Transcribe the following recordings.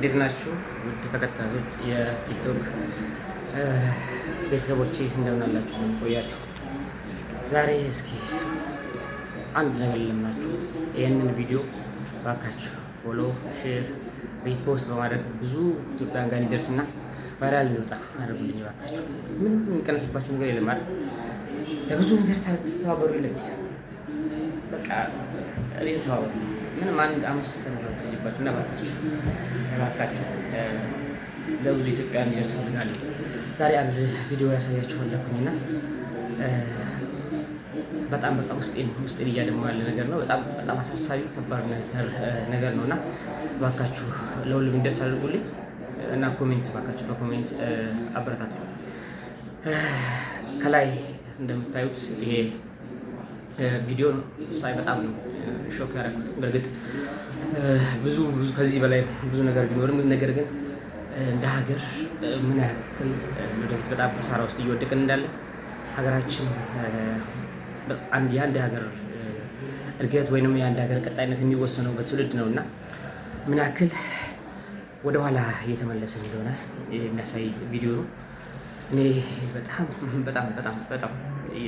እንዴት ናችሁ? ውድ ተከታዮች የቲክቶክ ቤተሰቦቼ እንደምን አላችሁ? ቆያችሁ? ዛሬ እስኪ አንድ ነገር ልለምናችሁ። ይህንን ቪዲዮ ባካችሁ ፎሎ፣ ሼር፣ ሪፖስት በማድረግ ብዙ ኢትዮጵያን ጋር እንዲደርስና ቫይራል እንዲወጣ አድርጉልኝ እባካችሁ። ምን የሚቀነስባቸው ነገር የለም አይደል? ለብዙ ነገር ተተባበሩ ይለኛል። በቃ እኔ ተባበሩ። ምንም አንድ አምስት ቀን ነው እና እባካችሁ እባካችሁ ለብዙ ኢትዮጵያ እንዲደርስ እፈልጋለሁ። ዛሬ አንድ ቪዲዮ ያሳያችሁ ፈለግኩኝና በጣም በቃ ውስጤን ውስጤን እያደማ ያለ ነገር ነው። በጣም በጣም አሳሳቢ ከባድ ነገር ነው እና እባካችሁ ለሁሉም እንዲደርስ አድርጉልኝ። እና ኮሜንት ባካችሁ በኮሜንት አበረታቱ። ከላይ እንደምታዩት ይሄ ቪዲዮ ሳይ በጣም ነው ሾክ ያደረኩት። በእርግጥ ብዙ ብዙ ከዚህ በላይ ብዙ ነገር ቢኖርም ነገር ግን እንደ ሀገር ምን ያክል ወደፊት በጣም ከሳራ ውስጥ እየወደቅን እንዳለ ሀገራችን የአንድ ሀገር እድገት ወይም የአንድ ሀገር ቀጣይነት የሚወሰነው በትውልድ ነው እና ምን ያክል ወደኋላ እየተመለሰ እንደሆነ የሚያሳይ ቪዲዮ ነው። እኔ በጣም በጣም በጣም በጣም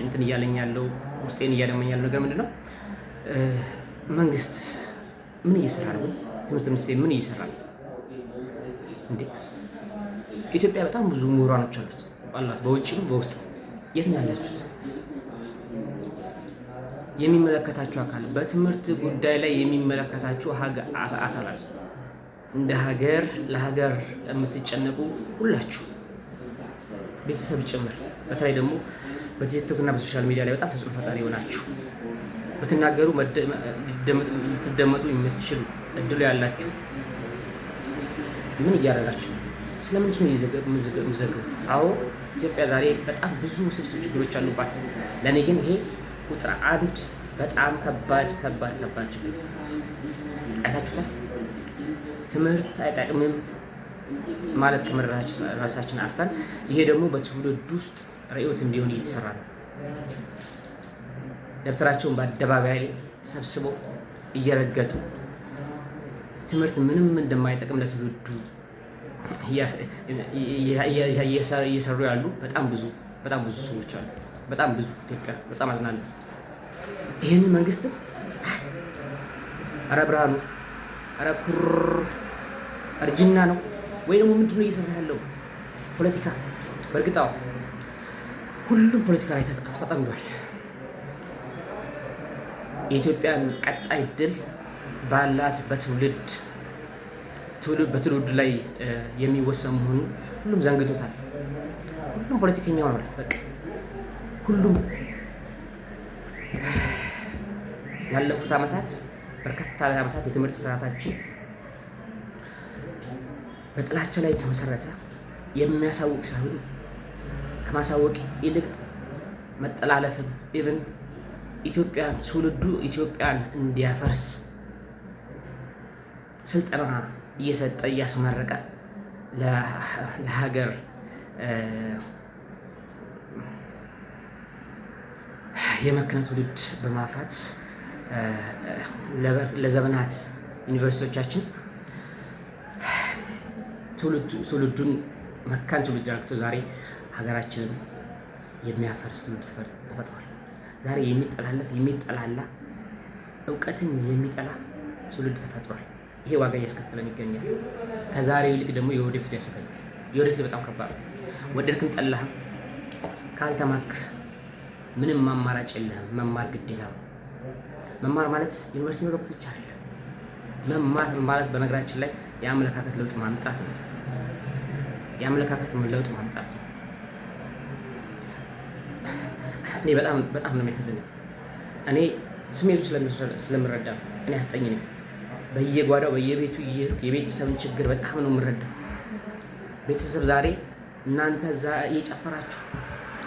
እንትን እያለኝ ያለው ውስጤን እያደመኝ ያለው ነገር ምንድን ነው? መንግስት ምን እየሰራ ነው? ትምህርት ሚኒስቴር ምን እየሰራ ነው? እንዴ ኢትዮጵያ በጣም ብዙ ምሁራኖች አሉት አሏት፣ በውጭም በውስጥ የት ነው ያላችሁት? የሚመለከታችሁ አካል በትምህርት ጉዳይ ላይ የሚመለከታችሁ አካላት እንደ ሀገር ለሀገር የምትጨነቁ ሁላችሁ ቤተሰብ ጭምር፣ በተለይ ደግሞ በቲክቶክና በሶሻል ሚዲያ ላይ በጣም ተጽዕኖ ፈጣሪ ሆናችሁ ብትናገሩ ልትደመጡ የምትችሉ እድሉ ያላችሁ ምን እያደረጋችሁ ስለምንድን ነው የምዘግቡት? አዎ ኢትዮጵያ ዛሬ በጣም ብዙ ስብስብ ችግሮች አሉባት። ለእኔ ግን ይሄ ቁጥር አንድ በጣም ከባድ ከባድ ከባድ ችግር አይታችሁታል። ትምህርት አይጠቅምም ማለት ራሳችን አልፈን ይሄ ደግሞ በትውልድ ውስጥ ርዕዮት እንዲሆን እየተሰራ ነው። ደብተራቸውን በአደባባይ ላይ እየረገጡ ትምህርት ምንም እንደማይጠቅም ለትውልዱ እየሰሩ ያሉ በጣም ብዙ በጣም ብዙ ሰዎች አሉ። በጣም ብዙ ኢትዮጵያ በጣም አዝናለሁ። ይህንን መንግስት ጸጥ ረብርሃኑ ኧረ ኩር እርጅና ነው ወይ ደግሞ ምንድን ነው እየሰራ ያለው ፖለቲካ? በእርግጣው ሁሉም ፖለቲካ ላይ ተጠምዷል። የኢትዮጵያን ቀጣይ ድል ባላት በትውልድ በትውልድ ላይ የሚወሰን መሆኑ ሁሉም ዘንግቶታል። ሁሉም ፖለቲከኛ ሆኗል። በቃ ሁሉም ላለፉት ዓመታት በርካታ ዓመታት የትምህርት ስርዓታችን በጥላቻ ላይ የተመሰረተ የሚያሳውቅ ሳይሆን ከማሳወቅ ይልቅ መጠላለፍን ኢቭን ኢትዮጵያን ትውልዱ ኢትዮጵያን እንዲያፈርስ ስልጠና እየሰጠ እያስመረቀ ለሀገር የመክነ ትውልድ በማፍራት ለዘመናት ዩኒቨርሲቲዎቻችን ትውልዱን መካን ትውልድ አድርገው ዛሬ ሀገራችንን የሚያፈርስ ትውልድ ተፈጥሯል። ዛሬ የሚጠላለፍ የሚጠላላ እውቀትን የሚጠላ ትውልድ ተፈጥሯል። ይሄ ዋጋ እያስከፈለን ይገኛል። ከዛሬው ይልቅ ደግሞ የወደፊቱ ያሰጋኛል። የወደፊቱ በጣም ከባድ ነው። ወደድክም ጠላህም ካልተማርክ ምንም አማራጭ የለህም። መማር ግዴታ ነው። መማር ማለት ዩኒቨርሲቲ መግባት ብቻ አይደለም። መማር ማለት በነገራችን ላይ የአመለካከት ለውጥ ማምጣት ነው። የአመለካከት ለውጥ ማምጣት ነው። እኔ በጣም በጣም ነው የሚያሳዝነኝ። እኔ ስሜቱ ስለምረዳ እኔ አስጠኝ ነኝ። በየጓዳው በየቤቱ እየሄድኩ የቤተሰብን ችግር በጣም ነው የምረዳው። ቤተሰብ ዛሬ እናንተ እዛ እየጨፈራችሁ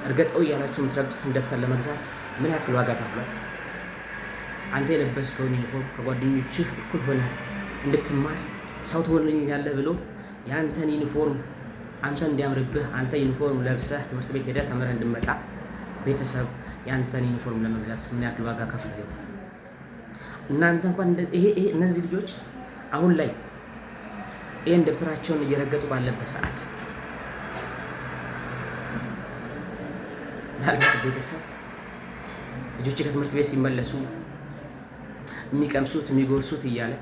እርገጠው እያላችሁ የምትረግጡትን ደብተር ለመግዛት ምን ያክል ዋጋ ከፍሏል? አንተ የለበስከውን ዩኒፎርም ከጓደኞችህ እኩል ሆነ እንድትማር ሰው ትሆንልኛለህ ብሎ የአንተን ዩኒፎርም አንተ እንዲያምርብህ አንተ ዩኒፎርም ለብሰህ ትምህርት ቤት ሄደህ ተምረህ እንድመጣ ቤተሰብ የአንተን ዩኒፎርም ለመግዛት ምን ያክል ዋጋ ከፍለ እናንተ እንኳን እነዚህ ልጆች አሁን ላይ ይህን ደብተራቸውን እየረገጡ ባለበት ሰዓት ምናልባት ቤተሰብ ልጆች ከትምህርት ቤት ሲመለሱ የሚቀምሱት የሚጎርሱት እያለ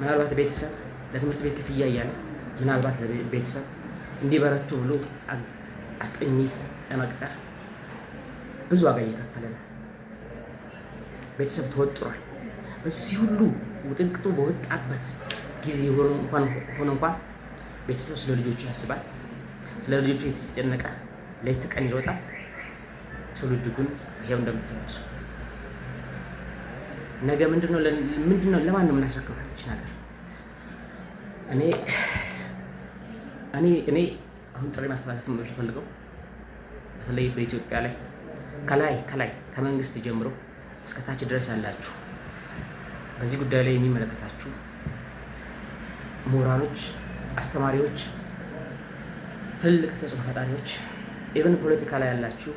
ምናልባት ቤተሰብ ለትምህርት ቤት ክፍያ እያለ ምናልባት ቤተሰብ እንዲበረቱ ብሎ አስጠኚ ለመቅጠር ብዙ ዋጋ እየከፈለ ነው። ቤተሰብ ተወጥሯል። በዚህ ሁሉ ውጥንቅጡ በወጣበት ጊዜ ሆኖ እንኳን ቤተሰብ ስለ ልጆቹ ያስባል። ስለ ልጆቹ የተጨነቀ ሌት ተቀን ይሮጣል። ሰው ግን ይሄው እንደምትነሱ ነገ ምንድነው ምንድነው ለማን ነው የምናስረክባት ይች ነገር? እኔ እኔ እኔ አሁን ጥሪ ማስተላለፍ የምፈልገው በተለይ በኢትዮጵያ ላይ ከላይ ከላይ ከመንግስት ጀምሮ እስከ ታች ድረስ ያላችሁ በዚህ ጉዳይ ላይ የሚመለከታችሁ ምሁራኖች፣ አስተማሪዎች፣ ትልቅ ተጽዕኖ ፈጣሪዎች ኢቨን ፖለቲካ ላይ ያላችሁ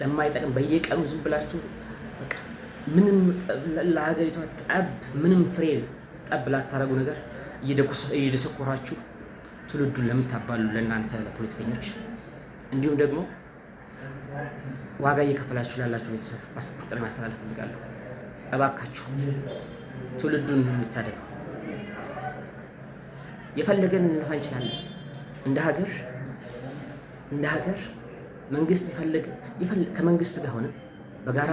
ለማይጠቅም በየቀኑ ዝም ብላችሁ ምንም ለሀገሪቷ ጠብ ምንም ፍሬ ጠብ ላታረጉ ነገር እየደሰኮራችሁ ትውልዱን ለምታባሉ ለእናንተ ለፖለቲከኞች እንዲሁም ደግሞ ዋጋ እየከፈላችሁ ላላችሁ ቤተሰብ ማስጠንቀቂያ ማስተላለፍ እፈልጋለሁ። እባካችሁ ትውልዱን የሚታደገው የፈለገን ልንለፋ እንችላለን። እንደ ሀገር እንደ ሀገር መንግስት ከመንግስት ጋር ሆነ በጋራ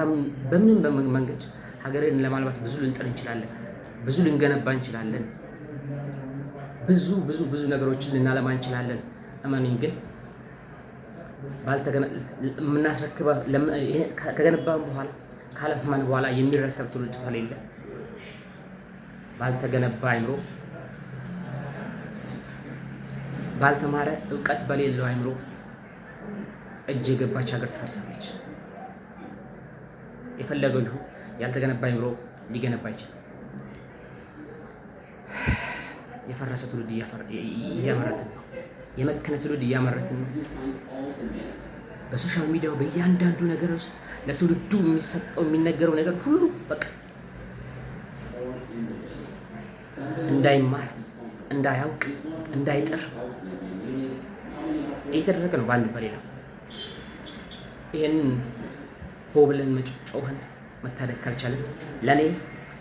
በምንም መንገድ ሀገርን ለማልማት ብዙ ልንጥር እንችላለን። ብዙ ልንገነባ እንችላለን። ብዙ ብዙ ብዙ ነገሮችን ልናለማ እንችላለን። እመኑኝ ግን ከገነባን በኋላ ካለማን በኋላ የሚረከብ ትውልድ ከሌለ ባልተገነባ አይምሮ፣ ባልተማረ እውቀት በሌለው አይምሮ እጅ የገባች ሀገር ትፈርሳለች። የፈለገው ይሁን ያልተገነባ አይምሮ ሊገነባ አይችልም። የፈረሰ ትውልድ እያመረትን ነው። የመከነ ትውልድ እያመረትን ነው። በሶሻል ሚዲያው በእያንዳንዱ ነገር ውስጥ ለትውልዱ የሚሰጠው የሚነገረው ነገር ሁሉ በቃ እንዳይማር፣ እንዳያውቅ፣ እንዳይጥር እየተደረገ ነው በአንድ በሌላ ይህንን ሆ ብለን መጮህን መታደግ ካልቻለን ለእኔ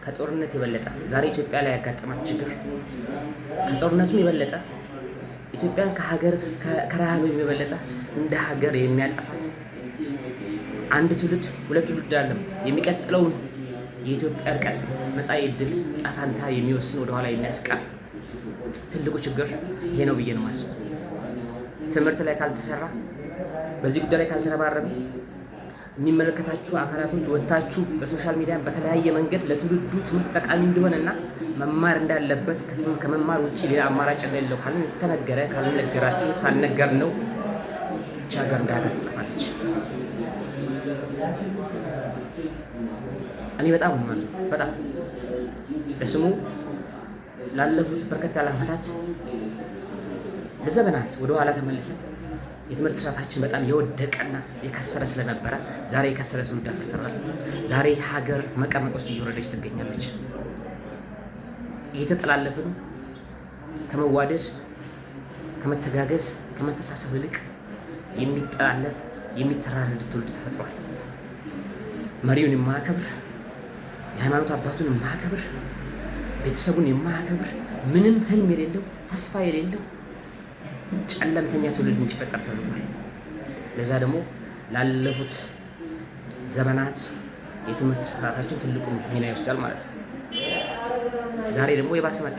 ከጦርነት የበለጠ ዛሬ ኢትዮጵያ ላይ ያጋጠማት ችግር ከጦርነቱም የበለጠ ኢትዮጵያን ከሀገር ከረሃብ የበለጠ እንደ ሀገር የሚያጠፋ አንድ ትውልድ ሁለት ትውልድ አለም የሚቀጥለውን የኢትዮጵያ እርቀት መጻኢ ዕድል ጣፋንታ የሚወስን ወደኋላ የሚያስቀር ትልቁ ችግር ይሄ ነው ብዬ ነው ማስበው። ትምህርት ላይ ካልተሰራ፣ በዚህ ጉዳይ ላይ ካልተረባረብን የሚመለከታችሁ አካላቶች ወጥታችሁ በሶሻል ሚዲያ በተለያየ መንገድ ለትውልዱ ትምህርት ጠቃሚ እንደሆነና መማር እንዳለበት ከመማር ውጭ ሌላ አማራጭ እንደሌለው ካልተነገረ ካልነገራችሁ ካልነገር ነው ብቻ ሀገር እንደ ሀገር ትጠፋለች። እኔ በጣም ማዝ በጣም ለስሙ ላለፉት በርከት ያለ ዓመታት ለዘመናት ወደኋላ ተመልሰን የትምህርት ስርዓታችን በጣም የወደቀና የከሰረ ስለነበረ ዛሬ የከሰረ ትውልድ አፍርተናል። ዛሬ ሀገር መቀመቅ ውስጥ እየወረደች ትገኛለች። እየተጠላለፍን ከመዋደድ ከመተጋገዝ ከመተሳሰብ ይልቅ የሚጠላለፍ የሚተራረድ ትውልድ ተፈጥሯል። መሪውን የማያከብር የሃይማኖት አባቱን የማያከብር ቤተሰቡን የማያከብር ምንም ህልም የሌለው ተስፋ የሌለው ጨለምተኛ ትውልድ እንዲፈጠር ተደርጓል። ለዛ ደግሞ ላለፉት ዘመናት የትምህርት ስርዓታችን ትልቁ ሚና ይወስዳል ማለት ነው። ዛሬ ደግሞ የባሰ መጣ።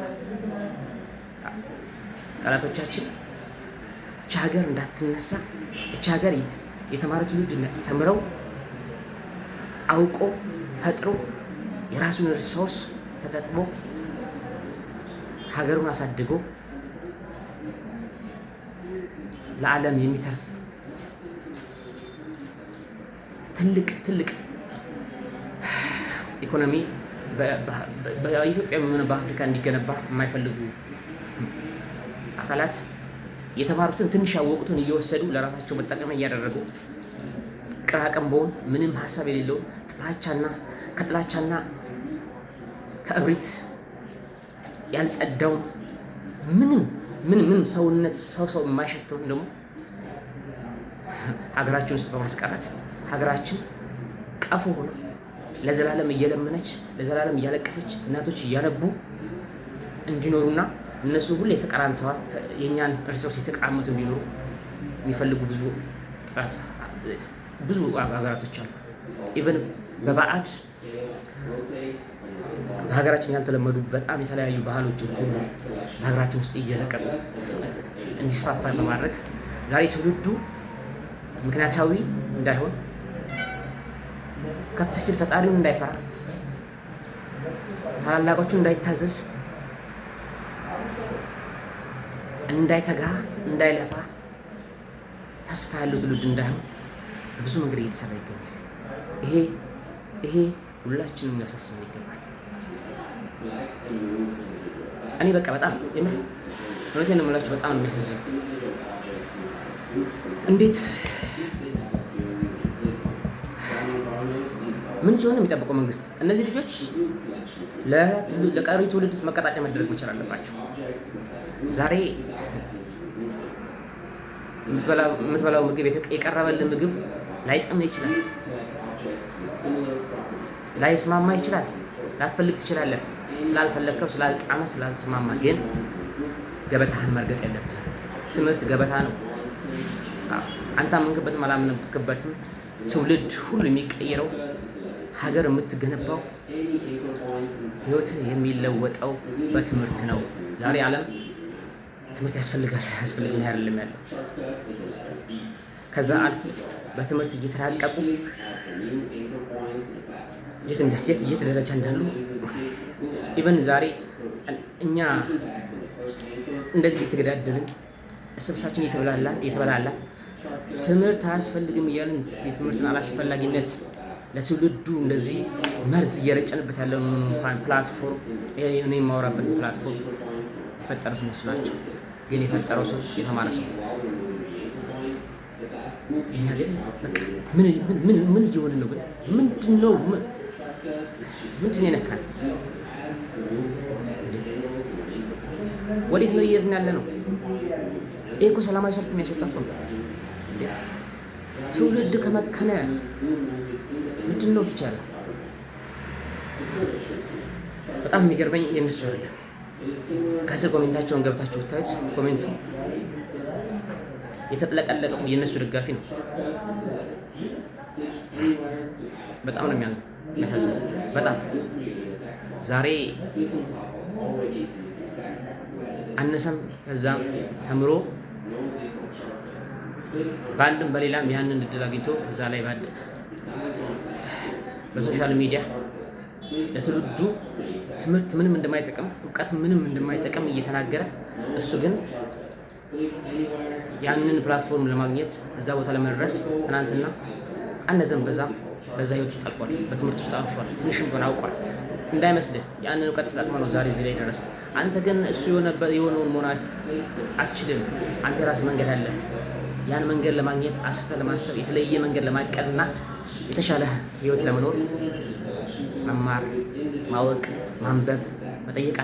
ጠላቶቻችን እች ሀገር እንዳትነሳ እች ሀገር የተማረ ትውልድ ተምረው አውቆ ፈጥሮ የራሱን ሪሶርስ ተጠቅሞ ሀገሩን አሳድጎ ለዓለም የሚተርፍ ትልቅ ትልቅ ኢኮኖሚ በኢትዮጵያ የሚሆነ በአፍሪካ እንዲገነባ የማይፈልጉ አካላት የተማሩትን ትንሽ ያወቁትን እየወሰዱ ለራሳቸው መጠቀሚያ እያደረጉ ቅራቅንቦውን ምንም ሀሳብ የሌለው ጥላቻና ከጥላቻና ከእብሪት ያልጸዳውን ምንም ምን ምን ሰውነት ሰው ሰው የማይሸተውን ደግሞ ሀገራችን ውስጥ በማስቀረት ሀገራችን ቀፎ ሆኖ ለዘላለም እየለመነች ለዘላለም እያለቀሰች እናቶች እያነቡ እንዲኖሩና እነሱ ሁሌ የተቀራምተዋል የእኛን እርስ የተቀራመቱ እንዲኖሩ የሚፈልጉ ብዙ ጥቃት ብዙ ሀገራቶች አሉ ኢቨን በባዕድ በሀገራችን ያልተለመዱ በጣም የተለያዩ ባህሎች ሁሉ በሀገራችን ውስጥ እየለቀቁ እንዲስፋፋ ለማድረግ ዛሬ ትውልዱ ምክንያታዊ እንዳይሆን ከፍ ሲል ፈጣሪውን እንዳይፈራ ታላላቆቹን እንዳይታዘዝ እንዳይተጋ እንዳይለፋ ተስፋ ያለው ትውልድ እንዳይሆን በብዙ መንገድ እየተሰራ ይገኛል። ይሄ ይሄ ሁላችንም ሊያሳስበን ይገባል። እኔ በቃ በጣም የምር እውነቴን ነው የምላችሁ፣ በጣም የሚያሳዝን እንዴት ምን ሲሆን የሚጠብቀው መንግስት? እነዚህ ልጆች ለቀሪ ትውልድ መቀጣጫ መደረግ መቻል አለባቸው። ዛሬ የምትበላው ምግብ የቀረበልን ምግብ ላይጠም ይችላል። ላይስማማ ይችላል። ላትፈልግ ትችላለህ። ስላልፈለግከው፣ ስላልጣመ፣ ስላልተስማማ ግን ገበታህን መርገጥ የለብህ። ትምህርት ገበታ ነው። አንተ አመንክበት አላመንክበትም፣ ትውልድ ሁሉ የሚቀይረው ሀገር የምትገነባው ህይወት የሚለወጠው በትምህርት ነው። ዛሬ ዓለም ትምህርት ያስፈልጋል ያስፈልግ አይደለም ያለው ከዛ አልፍ በትምህርት እየተራቀቁ የት እንዳየት የት ደረጃ እንዳሉ ኢቨን ዛሬ እኛ እንደዚህ እየተገዳደልን ስብሳችን እየተበላላ ትምህርት አያስፈልግም እያለን የትምህርትን አላስፈላጊነት ለትውልዱ እንደዚህ መርዝ እየረጨንበት ያለውን እንኳን ፕላትፎርም የማወራበትን ፕላትፎርም የፈጠሩት እነሱ ናቸው። ግን የፈጠረው ሰው የተማረ ሰው ምን እየሆነ ነው? ምንድን ነው? ምንድን የነካል? ወዴት ነው እየሄድን ያለ ነው? እኮ ሰላማዊ ሰልፍ የሚያስወጣ እኮ ነው። ትውልድ ከመከነ ምንድን ነው ፊቻለ? በጣም የሚገርመኝ የነሱ አይደለም። ከስር ኮሜንታቸውን ገብታችሁ ብታዩት ኮሜንቱ የተጥለቀለቀ የእነሱ ደጋፊ ነው። በጣም ነው የሚያሳዝን። በጣም ዛሬ አነሰም ከዛም ተምሮ በአንድም በሌላም ያንን እድል አግኝቶ እዛ ላይ በሶሻል ሚዲያ ለትውልዱ ትምህርት ምንም እንደማይጠቅም እውቀት ምንም እንደማይጠቅም እየተናገረ እሱ ግን ያንን ፕላትፎርም ለማግኘት እዛ ቦታ ለመድረስ ትናንትና አነዘን በዛ በዛ ህይወት ውስጥ አልፏል፣ በትምህርት ውስጥ አልፏል፣ ትንሽም ቢሆን አውቋል። እንዳይመስልህ ያንን እውቀት ተጠቅመ ነው ዛሬ እዚህ ላይ ደረሰ። አንተ ግን እሱ የሆነውን መሆን አችልም። አንተ የራስ መንገድ አለ። ያን መንገድ ለማግኘት አስፍተ ለማሰብ የተለየ መንገድ ለማቀድ እና የተሻለ ህይወት ለመኖር መማር፣ ማወቅ፣ ማንበብ፣ መጠየቅ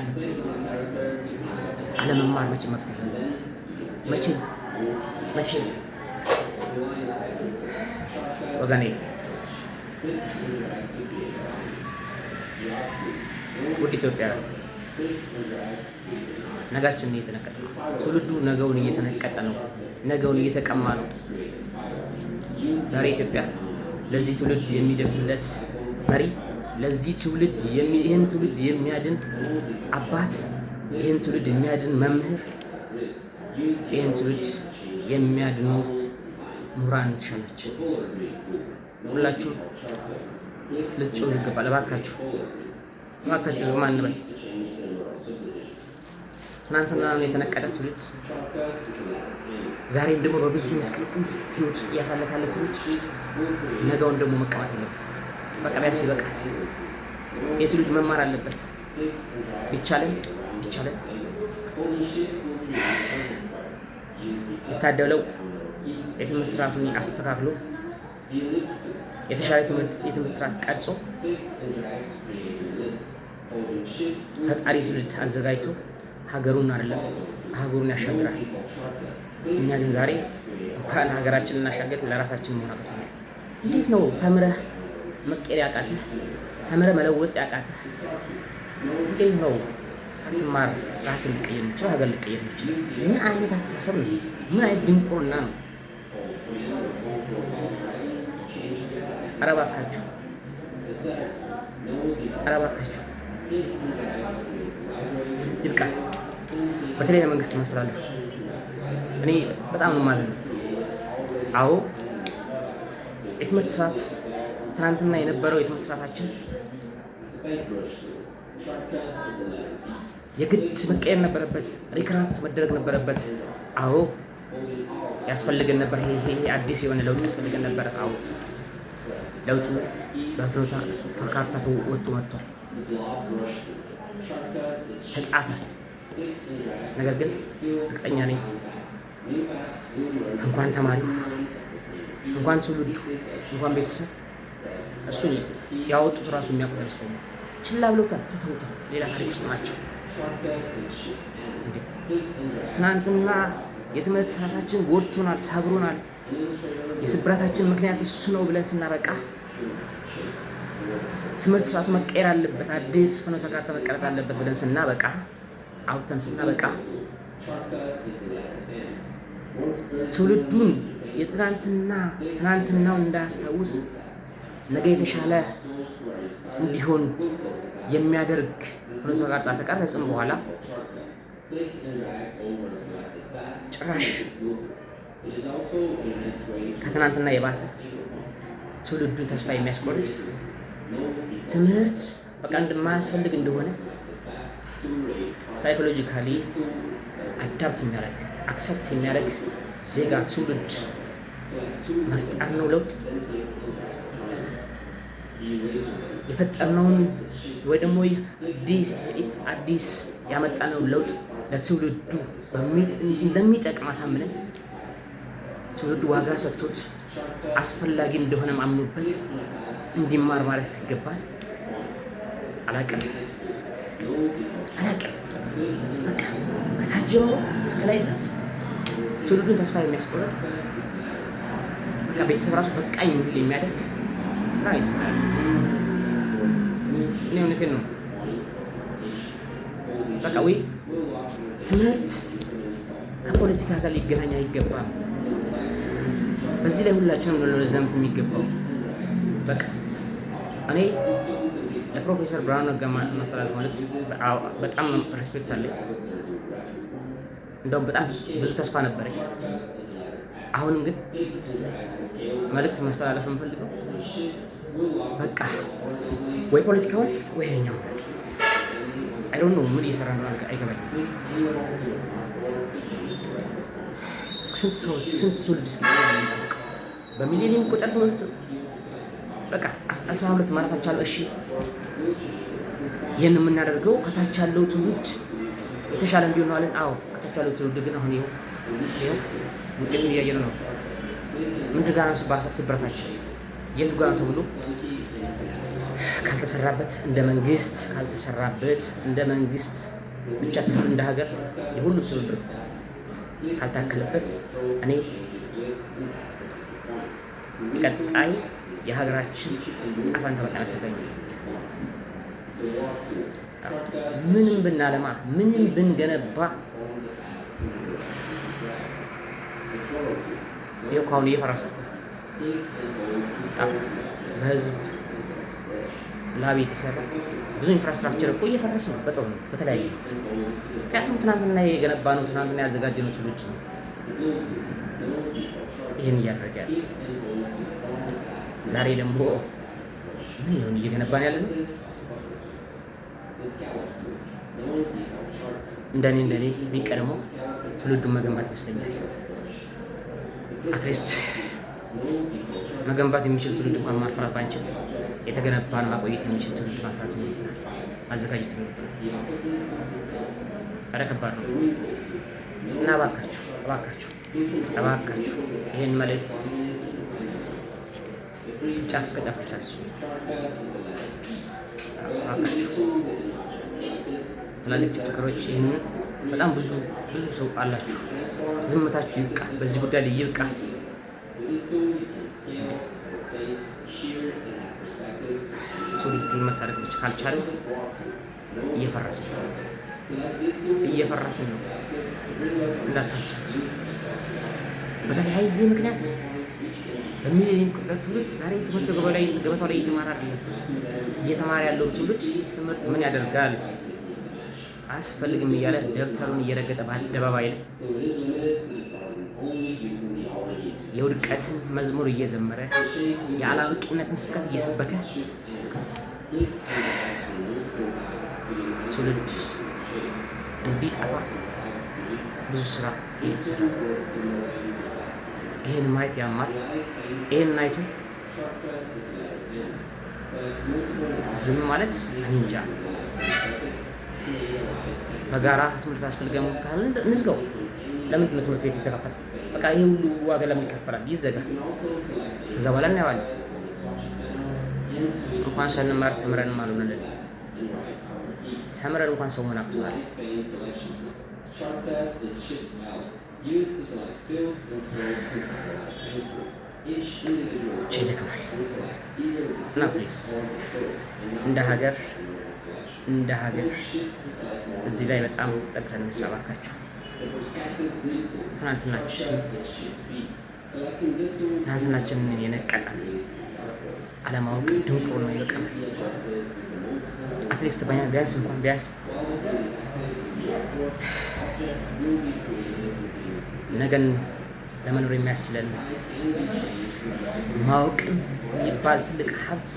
አለመማር መቼ መፍትሄ መቼ መቼ ወገኔ ውድ ኢትዮጵያ ነጋችን እየተነቀጠ ነው። ትውልዱ ነገውን እየተነቀጠ ነው። ነገውን እየተቀማ ነው። ዛሬ ኢትዮጵያ ለዚህ ትውልድ የሚደርስለት መሪ፣ ለዚህ ትውልድ ይህን ትውልድ የሚያድን አባት፣ ይህን ትውልድ የሚያድን መምህር ይህን ትውልድ የሚያድኑት ምሁራን ትሻለች። ሁላችሁ ልትጮህ ይገባል። እባካችሁ እባካችሁ ዝም አንበል። ትናንትና የተነቀለ ትውልድ ዛሬን ደግሞ በብዙ ምስቅልቅል ህይወት ውስጥ እያሳለፈ ያለ ትውልድ ነገውን ደግሞ መቀማት አለበት። በቃ ቢያንስ ይበቃል። የትውልድ መማር አለበት። ቢቻለን ቢቻለን ሊታደለው የትምህርት ስርዓቱን አስተካክሎ የተሻለ የትምህርት ስርዓት ቀርጾ ፈጣሪ ትውልድ አዘጋጅቶ ሀገሩን አይደለም ሀገሩን ያሻግራል። እኛ ግን ዛሬ እንኳን ሀገራችንን እናሻገር ለራሳችን መሆን አቅቶናል። እንዴት ነው ተምረህ መቀየር ያቃተህ? ተምረህ መለወጥ ያቃትህ? እንዴት ነው ሳትማር ራስን ልቀየር የምችለው ሀገር ልቀየር የምችለው ምን አይነት አስተሳሰብ ነው? ምን አይነት ድንቁርና ነው? ኧረ እባካችሁ፣ ኧረ እባካችሁ ይብቃል። በተለይ ለመንግስት ማስተላለፍ እኔ በጣም ነው አዎ የትምህርት ስርዓት ትናንትና የነበረው የትምህርት ስርዓታችን የግድ መቀየር ነበረበት፣ ሪክራፍት መደረግ ነበረበት። አዎ ያስፈልገን ነበር። ይሄ አዲስ የሆነ ለውጥ ያስፈልገን ነበር። አዎ ለውጡ በፍኖተ ካርታ ወጡ መጥቷል፣ ተጻፈ። ነገር ግን እርግጠኛ ነኝ እንኳን ተማሪው እንኳን ትውልዱ እንኳን ቤተሰብ እሱን ያወጡት እራሱ የሚያውቁ ይመስለኛል። ችላ ብለውታል፣ ትተውታል። ሌላ ታሪክ ውስጥ ናቸው። ትናንትና የትምህርት ሰዓታችን ጎድቶናል፣ ሰብሮናል። የስብራታችን ምክንያት እሱ ነው ብለን ስናበቃ ትምህርት ሰዓቱ መቀየር አለበት፣ አዲስ ፍኖተ ካርታ መቀረጽ አለበት ብለን ስናበቃ አውተን ስናበቃ ትውልዱን የትናንትና ትናንትናውን እንዳያስታውስ ነገ የተሻለ እንዲሆን የሚያደርግ ፍኖተ ካርታ ከቀረጽም በኋላ ጭራሽ ከትናንትና የባሰ ትውልዱን ተስፋ የሚያስቆርጥ ትምህርት በቃ እንደማያስፈልግ እንደሆነ ሳይኮሎጂካሊ አዳፕት የሚያደርግ አክሰፕት የሚያደርግ ዜጋ ትውልድ መፍጠር ነው ለውጥ የፈጠርነውን ወይ ደግሞ አዲስ ያመጣነውን ለውጥ ለትውልዱ እንደሚጠቅም አሳምነን ትውልዱ ዋጋ ሰጥቶት አስፈላጊ እንደሆነ አምኖበት እንዲማር ማለት ሲገባል። አላቅም አላቅም በቃ እስከ ላይ ድረስ ትውልዱን ተስፋ የሚያስቆረጥ በቃ ቤተሰብ ራሱ በቃኝ የሚያደርግ ስራ ይሰራል። እኔ እውነቴን ነው። በቃ ወይ ትምህርት ከፖለቲካ ጋር ሊገናኝ አይገባም። በዚህ ላይ ሁላችንም ልንረዘምት የሚገባው በቃ እኔ ለፕሮፌሰር ብርሃኑ ነጋ ማስተላለፍ ማለት በጣም ሬስፔክት አለኝ። እንደውም በጣም ብዙ ተስፋ ነበረኝ። አሁንም ግን መልእክት ማስተላለፍ የምፈልገው በቃ ወይ ፖለቲካውን ወይ ይኸኛው ምረጥ። አይ ዶንት ኖ ምን እየሰራ ነው አይገባኝም። ስንት ሰዎች ስንት ትውልድ እስኪ በሚሊዮን የሚቆጠር ትምህርት በቃ አስራ ሁለት ማለፍ አልቻለም። እሺ ይህን የምናደርገው ከታች ያለው ትውልድ የተሻለ እንዲሆን አለን። አዎ ከታች ያለው ትውልድ ግን አሁን ይኸው ውጤቱን እያየን ነው። ምንድን ጋር ነው ስብራታችን? የት ጋር ተብሎ ካልተሰራበት እንደ መንግስት ካልተሰራበት እንደ መንግስት ብቻ ሳይሆን እንደ ሀገር የሁሉም ትብብርት ካልታከለበት እኔ ቀጣይ የሀገራችን ጣፋን ተመጣን ያሰጋኛል። ምንም ብናለማ ምንም ብንገነባ ይኸው ከአሁኑ እየፈረሰ በህዝብ ላብ የተሰራ ብዙ ኢንፍራስትራክቸር እኮ እየፈረሰ ነው በጦርነት በተለያየ ምክንያቱም ትናንትና የገነባ ነው ትናንትና ያዘጋጀ ነው ችሎች ነው ይህን እያደረገ ያለ ዛሬ ደግሞ ምን ይሆን እየገነባን ያለ ነው እንደኔ እንደኔ የሚቀድመው ትውልዱን መገንባት ይመስለኛል አትሊስት መገንባት የሚችል ትውልድ እንኳን ማፍራት ባንችል የተገነባን ማቆየት የሚችል ትውልድ ማፍራት ማዘጋጀት ከባድ ነው እና እባካችሁ እባካችሁ እባካችሁ ይህን መልእክት ጫፍ እስከ ጫፍ ተሳልሱ። እባካችሁ ትላልቅ ቲክቶከሮች ይህንን በጣም ብዙ ብዙ ሰው አላችሁ፣ ዝምታችሁ ይብቃ፣ በዚህ ጉዳይ ላይ ይብቃ። ራሱን መታደግ ካልቻለ እየፈረሰ እየፈረሰ ነው። እንዳታስቡት በተለያዩ ምክንያት በሚሊኒየም ቅጥረት ትውልድ ዛሬ ትምህርት ገበታው ላይ እየተማረ አይደለም። እየተማረ ያለው ትውልድ ትምህርት ምን ያደርጋል አያስፈልግም እያለ ደብተሩን እየረገጠ በአደባባይ ላይ የውድቀትን መዝሙር እየዘመረ የአላዋቂነትን ስብከት እየሰበከ ትውልድ እንዲጠፋ ብዙ ስራ እየተሰራ ይህን ማየት ያማል። ይህን ናይቱ ዝም ማለት እኔ እንጃ። በጋራ ትምህርት አስፈልገን ካል እንዝገው። ለምንድን ነው ትምህርት ቤት የተከፈተ? በቃ ይሄ ሁሉ ዋጋ ለምን ይከፈላል? ይዘጋል። ከዛ በኋላ እናየዋለን። እንኳን ሳንማር ተምረን አልሆነልን ተምረን እንኳን ሰው ሆን አቅቶናል። ይደክማል እና ፕሊስ እንደ ሀገር እንደ ሀገር እዚህ ላይ በጣም ጠንክረን እንስራ ባካችሁ። ትናንትናችን ትናንትናችንን የነቀጠን አለማወቅ ድንቁርና ነው ይበቃል። አትሊስት ቢያንስ እንኳን ቢያንስ ነገን ለመኖር የሚያስችለን ማወቅን የሚባል ትልቅ ሀብት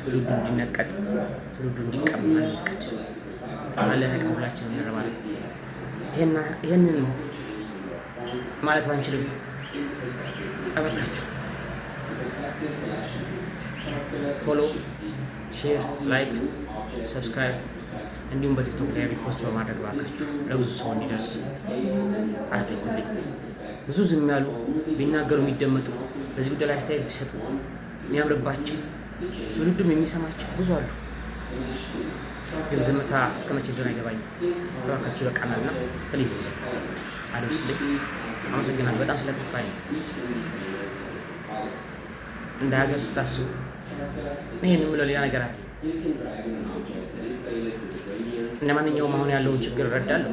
ትውልዱ እንዲነቀጥ ትውልዱ እንዲቀማ ንፍቀድ ጣለ ነገር ሁላችን እንረባለን። ይህንን ማለት ባንችልም አበራችሁ። ፎሎ፣ ሼር፣ ላይክ፣ ሰብስክራይብ እንዲሁም በቲክቶክ ላይ ሪፖስት በማድረግ ባካችሁ ለብዙ ሰው እንዲደርስ አድርጉልኝ። ብዙ ዝም ያሉ ቢናገሩ የሚደመጡ በዚህ ጉዳይ ላይ አስተያየት ቢሰጡ የሚያምርባቸው ትውልዱም የሚሰማቸው ብዙ አሉ። ግን ዝምታ እስከ መቼ እንደሆነ አይገባኝም። ባካችሁ ይበቃናልና ፕሊዝ አድርስልኝ። አመሰግናለሁ። በጣም ስለከፋኝ እንደ ሀገር ስታስቡ ይህን የምለው ሌላ ነገር አለ። እንደ ማንኛውም አሁን ያለውን ችግር እረዳለሁ።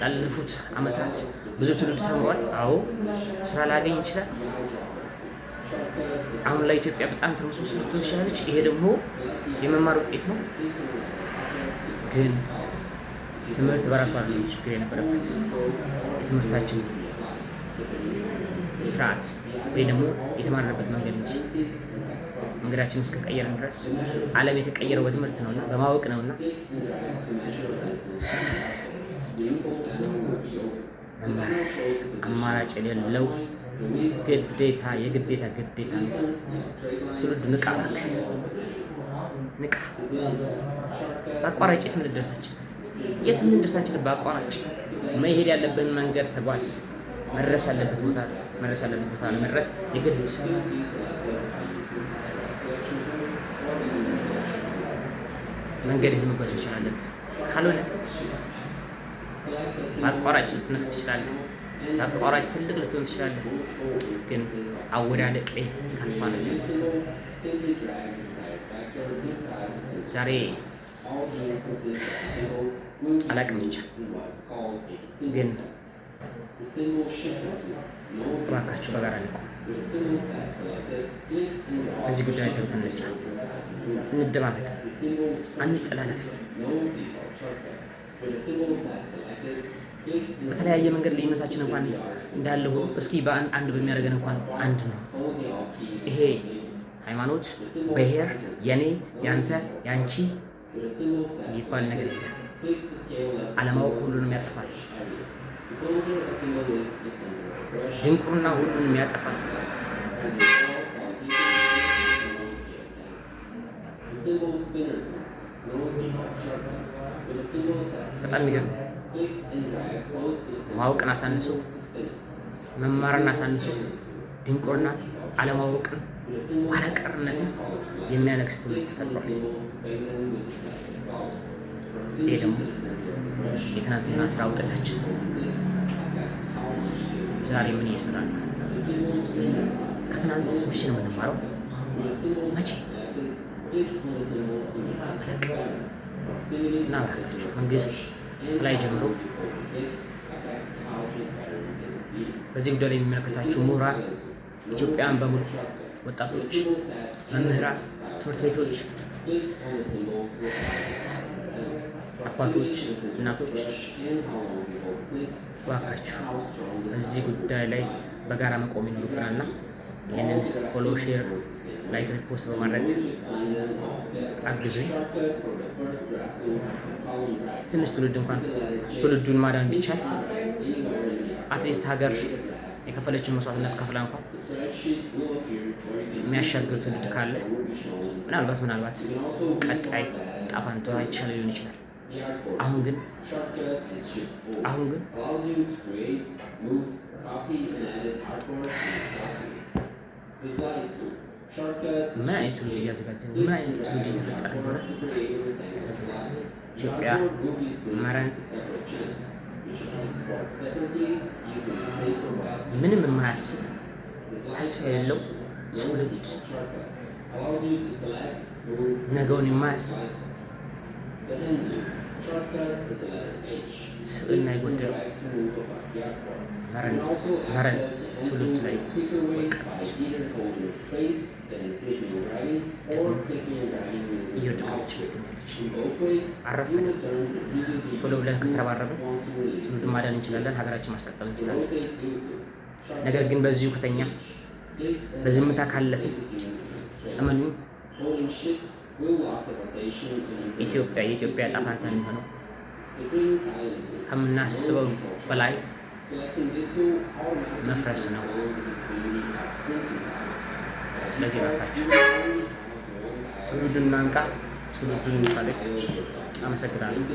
ላለፉት አመታት ብዙ ትውልድ ተምሯል። አዎ ስራ ላገኝ ይችላል። አሁን ላይ ኢትዮጵያ በጣም ተመሶስ ትችላለች። ይሄ ደግሞ የመማር ውጤት ነው። ግን ትምህርት በራሱ አይደለም ችግር የነበረበት የትምህርታችን ነው። ስርዓት ወይ ደግሞ የተማርንበት መንገድ እንጂ መንገዳችን እስከቀየረን ድረስ ዓለም የተቀየረው በትምህርት ነውና በማወቅ ነውና መማር አማራጭ የሌለው ግዴታ የግዴታ ግዴታ ነው። ትውልዱ ንቃ እባክህ ንቃ። በአቋራጭ የት ምንደርሳችን የት ምንደርሳችን በአቋራጭ መሄድ ያለብን መንገድ ተጓዝ። መድረስ ያለበት ቦታ መድረስ ያለበት ቦታ ለመድረስ የግድ መንገድ መጓዝ መቻል አለብህ። ካልሆነ አቋራጭ ልትነክስ ትችላለህ። አቋራጭ ትልቅ ልትሆን ትችላለህ። ግን አወዳደቅ ከፋ ነው። ዛሬ አላቅም ብቻ ግን እባካችሁ በጋራ እንቁም። እዚህ ጉዳይ ትምህርት እንስራ፣ እንደማመጥ፣ አንጠላለፍ። በተለያየ መንገድ ልዩነታችን እንኳን እንዳለ እስኪ አንድ በሚያደርገን እንኳን አንድ ነው። ይሄ ሃይማኖት፣ ብሔር፣ የኔ፣ ያንተ፣ ያንቺ የሚባል ነገር የለም። አለማወቅ ሁሉንም ያጠፋል። ድንቁርና ሁሉንም ያጠፋል። በጣም ይገርም። ማወቅን አሳንሶ መማርን አሳንሶ ድንቁርና አለማወቅን ኋላቀርነትን የሚያነግስ ትምህርት ተፈጥሯል። ይህ ደግሞ የትናንትና ስራ ውጤታችን ዛሬ ምን ነው ከትናንት መቼ ነው የምንማረው? መቼ እናላችሁ መንግስት ከላይ ጀምሮ በዚህ ጉዳይ ላይ የሚመለከታችሁ ምሁራን፣ ኢትዮጵያን በሙሉ ወጣቶች፣ መምህራን፣ ትምህርት ቤቶች፣ አባቶች፣ እናቶች እባካችሁ እዚህ ጉዳይ ላይ በጋራ መቆም ይኖርብናልና ይህንን ፎሎ፣ ሼር፣ ላይክ፣ ሪፖስት በማድረግ አግዙኝ። ትንሽ ትውልድ እንኳን ትውልዱን ማዳን ቢቻል አትሊስት ሀገር የከፈለችን መስዋዕትነት ከፍላ እንኳን የሚያሻግር ትውልድ ካለ ምናልባት ምናልባት ቀጣይ ጣፋንቷ የተሻለ ሊሆን ይችላል። አሁን ግን አሁን ግን ምን አይነት ትውልድ እያዘጋጀን ምን አይነት ትውልድ እየተፈጠረ እንደሆነ ኢትዮጵያ መረን ምንም የማያስብ ተስፋ የለው ትውልድ ነገውን የማያስብ ስብዕና የጎደለው መረን መረን ትውልድ ላይ ወቃች። ትገኛለች። ቶሎ ብለን ከተረባረብን ትውልዱን ማዳን እንችላለን፣ ሀገራችን ማስቀጠል እንችላለን። ነገር ግን በዚሁ ከተኛ በዝምታ ካለፍን እመኑ ኢትዮጵያ የኢትዮጵያ ዕጣ ፈንታ የሚሆነው ከምናስበው በላይ መፍረስ ነው። ስለዚህ እባካችሁ ትውልዱን እናንቃ፣ ትውልዱን እንፈልግ። አመሰግናለሁ።